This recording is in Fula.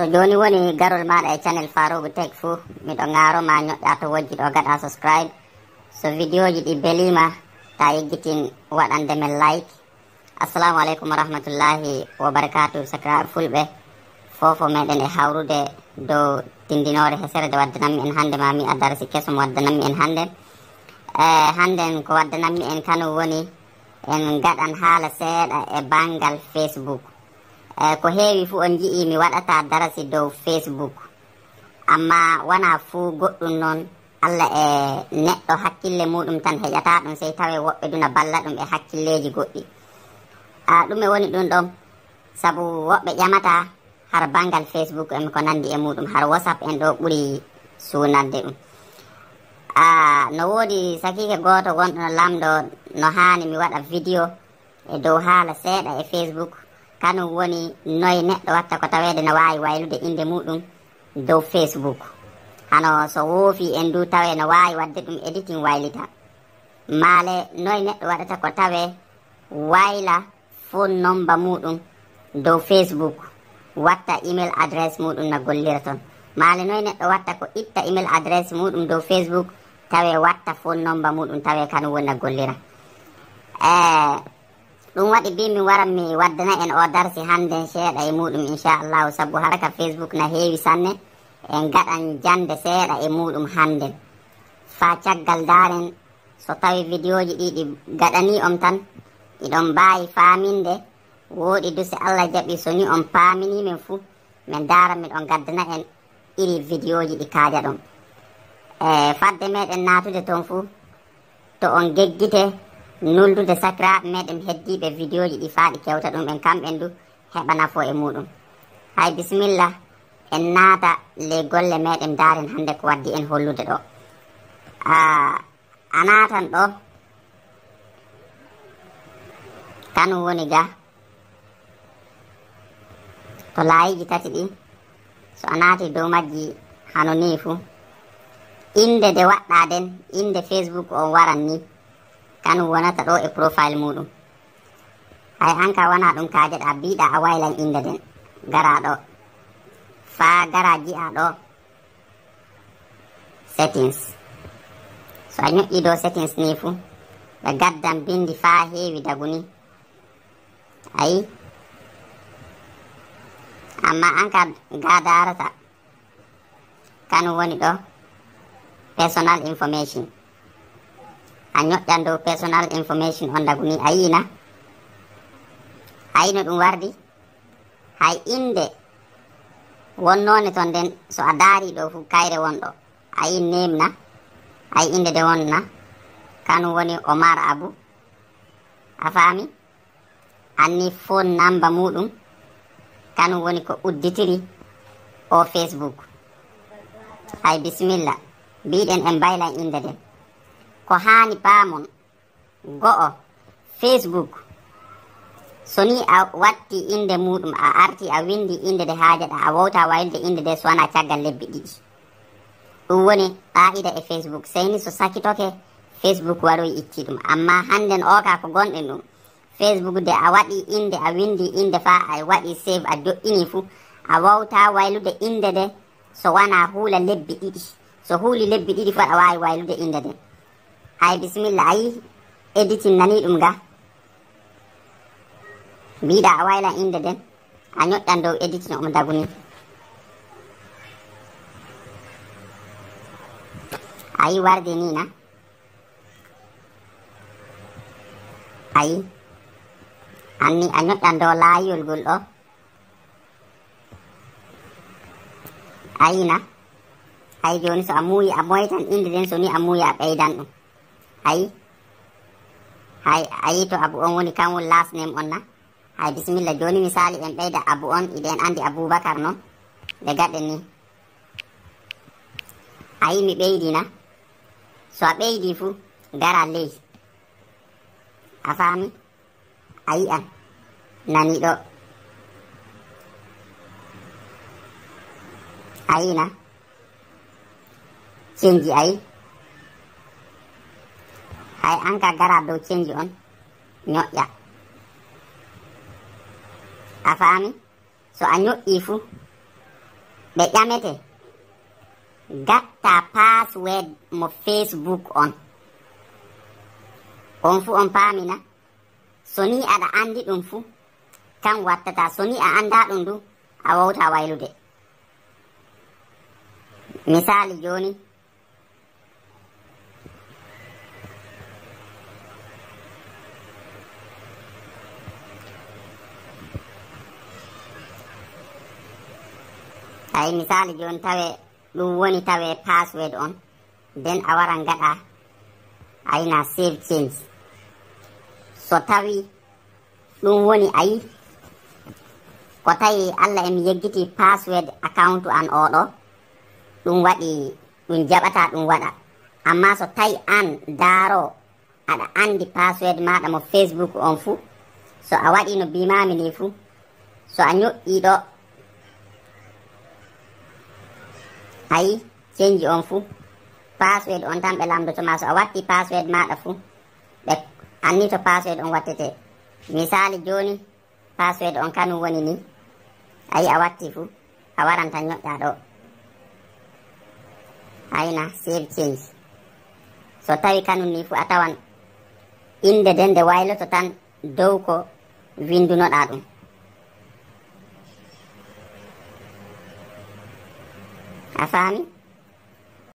so joni woni garol maɗa e channel farougu tek fou miɗo garo ma ñoƴƴa to wojji ɗo gaɗa subscribe so vidéo ji ɗi belima ta yeggitin waɗande men like assalamu aleykum warahmatullahi wabarakatuh sakiraɓe fulɓe fofo meɗen e hawrude dow tindinore heserde waddanami en hannde ma mi adarsi kesum waddanami en hannde e, hannden ko waddanami en kano woni en gaɗan haala seeɗa e bangal facebook E, ko heewi fuu on njii mi waɗata darasi dow facebook amma wona fuu goɗɗum noon allah e neɗɗo hakkille muɗum tan heƴata ɗum sey tawe woɓɓe duna balla ɗum e hakkilleji goɗɗi ɗum e woni ɗum ɗon sabu woɓɓe ƴamata har bangal facebook en ko nandi e muɗum har whatsapp en ɗo ɓuri suunande ɗum no woodi sakike gooto gonɗo no lamɗo no haani mi waɗa video e dow haala seeɗa e facebook kanum woni noye neɗɗo watta ko tawede no wawi waylude inde muɗum dow facebook hano so woofi en du tawe no wawi wadde ɗum editing waylita maale noye neɗɗo waɗata ko tawe wayla fo nomba muɗum dow facebook watta email adresse muɗum no gollira toon maale noye neɗɗo watta ko itta email adresse muɗum dow facebook tawe watta fo nomba muɗum tawe kanum woni no gollira e eh, ɗum waɗi mbimi waran mi waddana en o darsi hannden seeɗa e muɗum inchallahu sabu haraka facebook na heewi sanne en gaɗan jannde seeɗa e muɗum hannden faa caggal daaren so tawi vidiyoji ɗi ɗi gaɗani on tan iɗon mbaawi faaminde wooɗi duse allah jaɓi so ni on paaminimen fuu min daara miɗon gaddana en iri vidiyoji ɗi kaaja ɗon e fadde meɗen naatude toon fuu to on geggite nondude sakiraɓe meɗen heddiɓe vidéo ji ɗi faaɗi kewta ɗum en kamɓen du heɓa nafo e muɗum hay bisimilla en naata ley golle meɗen daren hannde ko waddi en hollude ɗo a naatan ɗo kanu woni ga to laayiji tati ɗi so a naati dow majji hano ni fuu inde nde waɗɗa den inde facebook on waran ni kan wonata e profile mudum ay an ka wana dum kaje ɗa biɗa a waylan inde nden gara fa gara ado settings so anyo ido settings ni fuu ɓe gaddan bindi fa heewi dagu ni amma an ka kan woni do personal information a ñoƴƴan dow personal information on dagu ni a yiina a yi no ɗum wardi hay innde wonnoone ton nden so a daari ɗo fu kayre wonɗo a yi nem na a yi innde nde wonna kanum woni omar abou a faami anni fon namba muɗum kanum woni ko udditiri o facebook hay bisimilla mbiɗen e mbaylan innde nden ko haani baamon go'o facebook so ni a watti innde muɗum a arti a windi innde nde haaje ɗa a wowta wayilde innde nde sowana caggal lebbi ɗiɗi ɗum woni ɓaa'ida e facebook seyni so sakitoke facebook waroy itti ɗum amma hannden o ka ko gonɗen ɗum facebook nde a waɗi innde a windi innde fa a waɗi save a joɗɗini fuu a wowta waylude innde nde so wana huula lebbi ɗiɗi so huuli lebbi ɗiɗi fu aɗa wawi waylude innde nden hay bisimilla ayi editin nani ɗum ga mbiɗa a waylan inde nden a ñoƴƴan dow editin omo daguni ayi warde ni na ayi anni a ñoƴƴan dow laayiyol gol ɗo ayi na ayi joni so a muuyi a moytan inde nden so ni a muuyi a ɓeydan ɗum hay hay ayi to abu on woni kan won last name on na hay bisimilla joni misali en ɓeyda abu on iɗa en andi aboubacar noon ɓe gaɗen ni ayi mi ɓeydi na so a ɓeydi fuu gara ley a faami a yi'an naniɗo ayi na cenji ayi ay anka gara dow cenji on ñoƴƴa a faami so a ñoƴƴi fu ɓe ƴamete gatta passwed mo facebook on on fu on paamina so ni aɗa anndi ɗum fu tan wattata so ni a annda ɗum du a wowta waylude misali jooni tawi misali joni tawe ɗum woni tawe password on nden a wara gaɗa ayina save change so tawi ɗum woni ayi ko tawi allah emi yeggiti password account an oɗo ɗum waɗi ɗum jaɓata ɗum waɗa amma so tawi an daaro aɗa andi password maɗa mo facebook on fuu so a waɗino bimami ni fuu so a ñoƴƴiɗo ayi chenji on fuu password on tan ɓe lamdoto ma so a watti password maɗa fuu ɓe anni to password on wattete misali joni password on kanu woni ni ayi a watti fuu a waranta ñoƴƴa ɗo ayina save change so tawi kanun ni fuu a tawan inde nden nde wayloto tan dow ko windunoɗa ɗum fun.